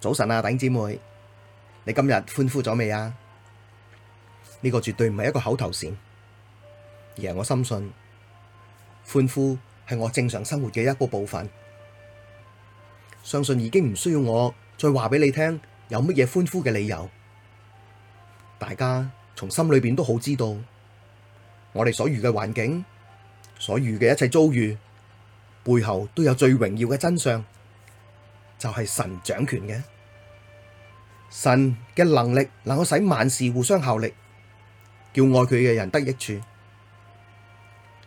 早晨啊，弟兄姊妹，你今日歡呼咗未啊？呢、這個絕對唔係一個口頭禪，而係我深信，歡呼係我正常生活嘅一個部分。相信已經唔需要我再話畀你聽，有乜嘢歡呼嘅理由。大家從心裏邊都好知道，我哋所遇嘅環境，所遇嘅一切遭遇，背後都有最榮耀嘅真相。就係神掌權嘅，神嘅能力能夠使萬事互相效力，叫愛佢嘅人得益處。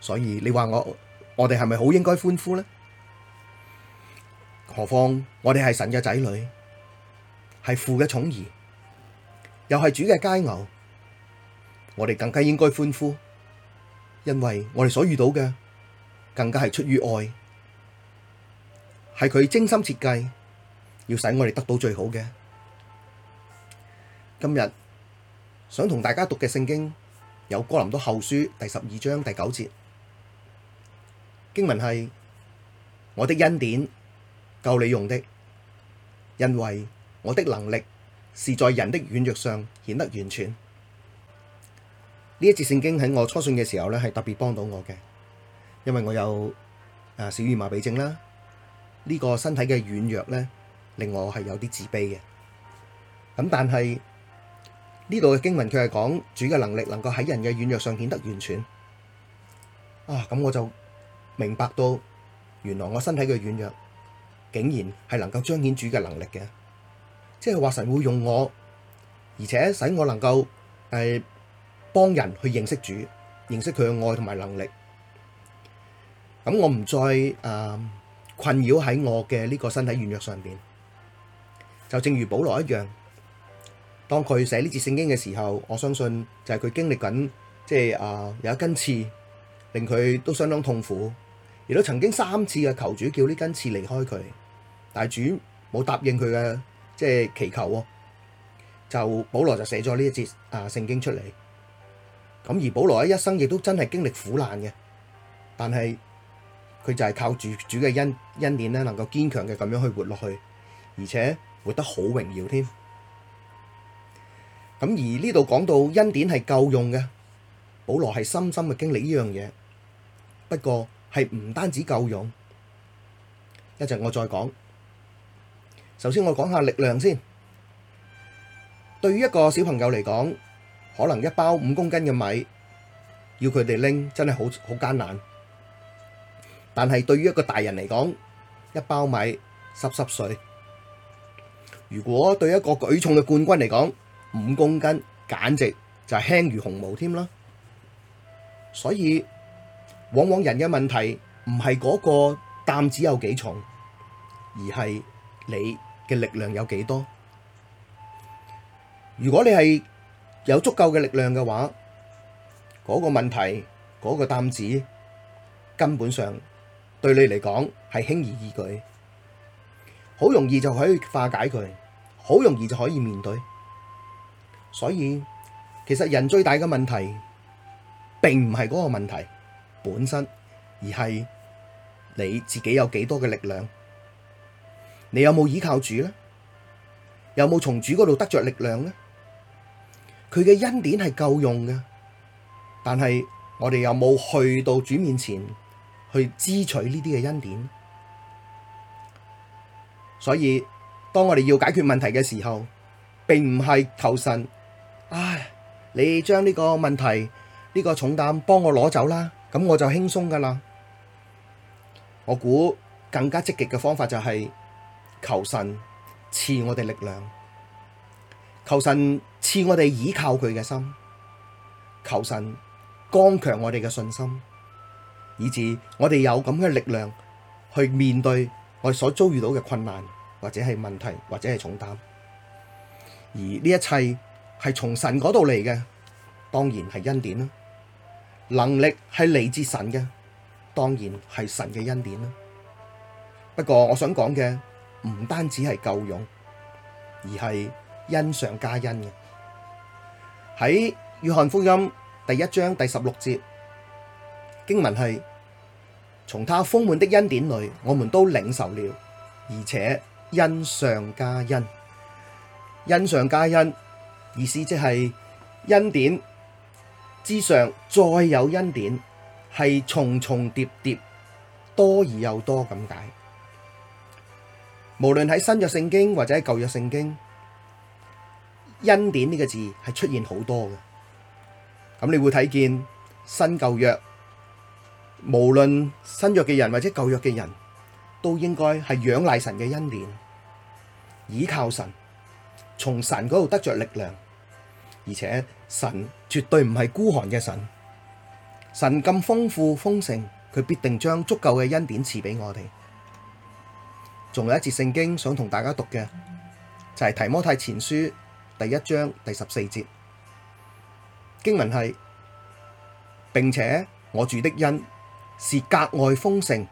所以你話我我哋係咪好應該歡呼呢？何況我哋係神嘅仔女，係父嘅寵兒，又係主嘅佳偶，我哋更加應該歡呼，因為我哋所遇到嘅更加係出於愛，係佢精心設計。要使我哋得到最好嘅。今日想同大家讀嘅聖經有哥林多後書第十二章第九節經文係：我的恩典夠你用的，因為我的能力是在人的軟弱上顯得完全。呢一節聖經喺我初信嘅時候呢，係特別幫到我嘅，因為我有啊小兒麻痹症啦，呢個身體嘅軟弱呢。令我係有啲自卑嘅，咁但係呢度嘅經文佢係講主嘅能力能夠喺人嘅軟弱上顯得完全，啊咁、嗯、我就明白到原來我身體嘅軟弱竟然係能夠彰顯主嘅能力嘅，即係話神會用我，而且使我能夠誒、呃、幫人去認識主，認識佢嘅愛同埋能力，咁、嗯、我唔再誒、呃、困擾喺我嘅呢個身體軟弱上面。就正如保羅一樣，當佢寫呢節聖經嘅時候，我相信就係佢經歷緊，即係啊有一根刺，令佢都相當痛苦，亦都曾經三次嘅求主叫呢根刺離開佢，但係主冇答應佢嘅即係祈求喎。就保羅就寫咗呢一節啊聖經出嚟，咁而保羅一生亦都真係經歷苦難嘅，但係佢就係靠住主嘅恩恩典咧，能夠堅強嘅咁樣去活落去，而且。活得好榮耀添。咁而呢度講到恩典係夠用嘅，保羅係深深嘅經歷呢樣嘢。不過係唔單止夠用，一陣我再講。首先我講下力量先。對於一個小朋友嚟講，可能一包五公斤嘅米要佢哋拎真係好好艱難。但係對於一個大人嚟講，一包米濕濕碎。如果對一個舉重嘅冠軍嚟講，五公斤簡直就係輕如鴻毛添啦。所以，往往人嘅問題唔係嗰個擔子有幾重，而係你嘅力量有幾多。如果你係有足夠嘅力量嘅話，嗰個問題，嗰個擔子根本上對你嚟講係輕而易舉，好容易就可以化解佢。好容易就可以面對，所以其實人最大嘅問題，並唔係嗰個問題本身，而係你自己有幾多嘅力量，你有冇依靠主呢？有冇從主嗰度得着力量呢？佢嘅恩典係夠用嘅，但係我哋有冇去到主面前去支取呢啲嘅恩典？所以。當我哋要解決問題嘅時候，並唔係求神，唉，你將呢個問題呢個重擔幫我攞走啦，咁我就輕鬆噶啦。我估更加積極嘅方法就係求神賜我哋力量，求神賜我哋倚靠佢嘅心，求神剛強我哋嘅信心，以至我哋有咁嘅力量去面對我所遭遇到嘅困難。或者係問題，或者係重擔，而呢一切係從神嗰度嚟嘅，當然係恩典啦。能力係嚟自神嘅，當然係神嘅恩典啦。不過我想講嘅唔單止係夠用，而係恩上加恩嘅。喺約翰福音第一章第十六節經文係：從他豐滿的恩典裏，我們都領受了，而且。恩上加恩，恩上加恩，意思即係恩典之上再有恩典，係重重疊疊，多而又多咁解。無論喺新約聖經或者舊約聖經，恩典呢個字係出現好多嘅。咁你會睇見新舊約，無論新約嘅人或者舊約嘅人，都應該係仰賴神嘅恩典，倚靠神，從神嗰度得着力量，而且神絕對唔係孤寒嘅神，神咁豐富豐盛，佢必定將足夠嘅恩典賜俾我哋。仲有一節聖經想同大家讀嘅，就係提摩太前書第一章第十四節，經文係，並且我主的恩是格外豐盛。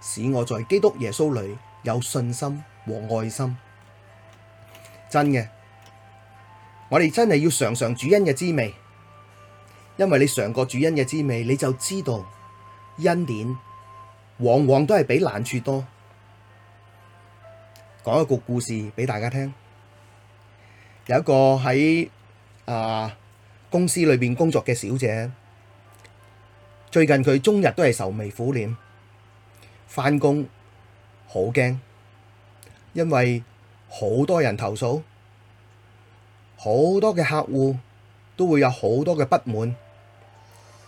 使我在基督耶穌裡有信心和愛心，真嘅，我哋真係要嘗嘗主恩嘅滋味，因為你嘗過主恩嘅滋味，你就知道恩典往往都係比難處多。講一個故事俾大家聽，有一個喺啊、呃、公司裏邊工作嘅小姐，最近佢終日都係愁眉苦臉。翻工好驚，因為好多人投訴，好多嘅客戶都會有好多嘅不滿，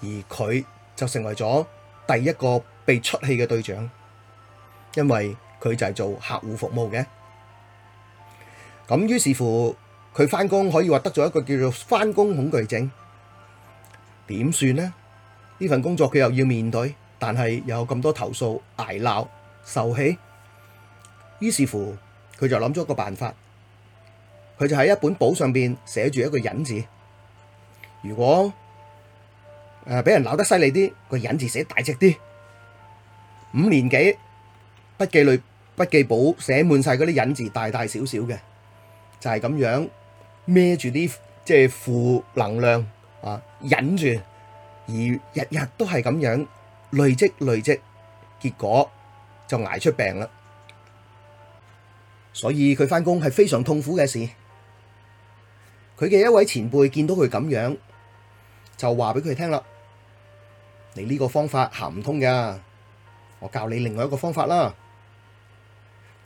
而佢就成為咗第一個被出氣嘅對象，因為佢就係做客戶服務嘅。咁於是乎，佢翻工可以話得咗一個叫做翻工恐懼症，點算呢？呢份工作佢又要面對。但係又有咁多投訴，挨鬧、受氣，於是乎佢就諗咗個辦法，佢就喺一本簿上邊寫住一個忍字。如果誒俾人鬧得犀利啲，個忍字寫大隻啲。五年幾筆記裏筆記簿寫滿晒嗰啲忍字，大大小小嘅就係咁樣孭住啲即係負能量啊忍住，而日日都係咁樣。累積累積，結果就挨出病啦。所以佢返工係非常痛苦嘅事。佢嘅一位前輩見到佢咁樣，就話俾佢聽啦：你呢個方法行唔通噶，我教你另外一個方法啦。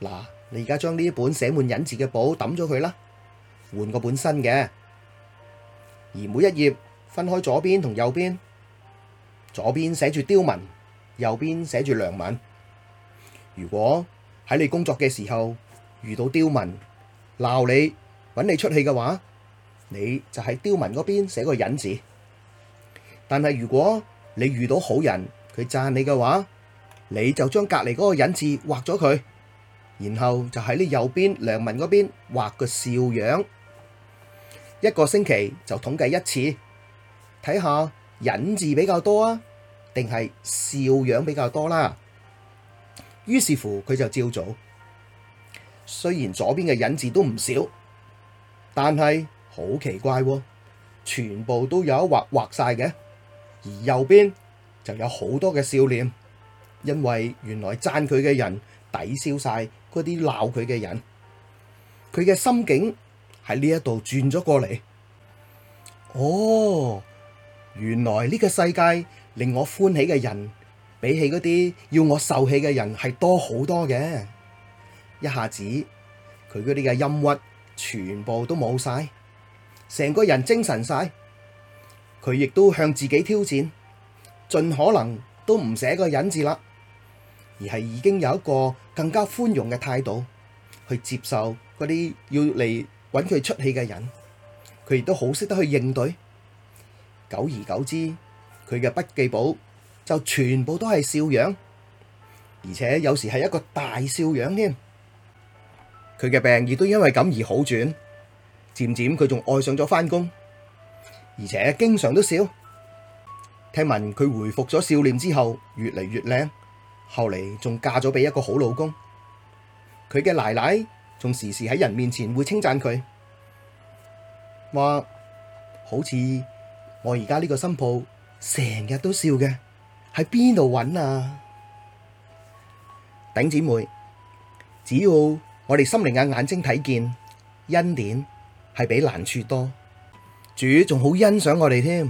嗱，你而家將呢本寫滿引字嘅簿抌咗佢啦，換個本新嘅，而每一頁分開左邊同右邊。左邊寫住刁民，右邊寫住良民。如果喺你工作嘅時候遇到刁民鬧你，搵你出氣嘅話，你就喺刁民嗰邊寫個引字。但係如果你遇到好人，佢讚你嘅話，你就將隔籬嗰個引字畫咗佢，然後就喺你右邊良民嗰邊畫個笑樣。一個星期就統計一次，睇下。忍字比較多啊，定係笑樣比較多啦。於是乎，佢就照做。雖然左邊嘅忍字都唔少，但係好奇怪啊，全部都有一畫畫晒嘅。而右邊就有好多嘅笑臉，因為原來讚佢嘅人抵消晒嗰啲鬧佢嘅人，佢嘅心境喺呢一度轉咗過嚟。哦。原來呢個世界令我歡喜嘅人，比起嗰啲要我受氣嘅人係多好多嘅。一下子佢嗰啲嘅陰鬱全部都冇晒，成個人精神晒。佢亦都向自己挑戰，盡可能都唔寫個忍字啦，而係已經有一個更加寬容嘅態度去接受嗰啲要嚟揾佢出氣嘅人。佢亦都好識得去應對。久而久之，佢嘅筆記簿就全部都係笑樣，而且有時係一個大笑樣添。佢嘅病亦都因為咁而好轉，漸漸佢仲愛上咗返工，而且經常都笑。聽聞佢回復咗笑臉之後，越嚟越靚，後嚟仲嫁咗俾一個好老公。佢嘅奶奶仲時時喺人面前會稱讚佢，話好似。我而家呢個新抱，成日都笑嘅，喺邊度揾啊？頂姐妹，只要我哋心靈嘅眼睛睇見，恩典係比難處多。主仲好欣賞我哋添，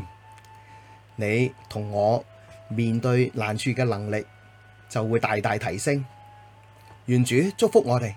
你同我面對難處嘅能力就會大大提升。願主祝福我哋。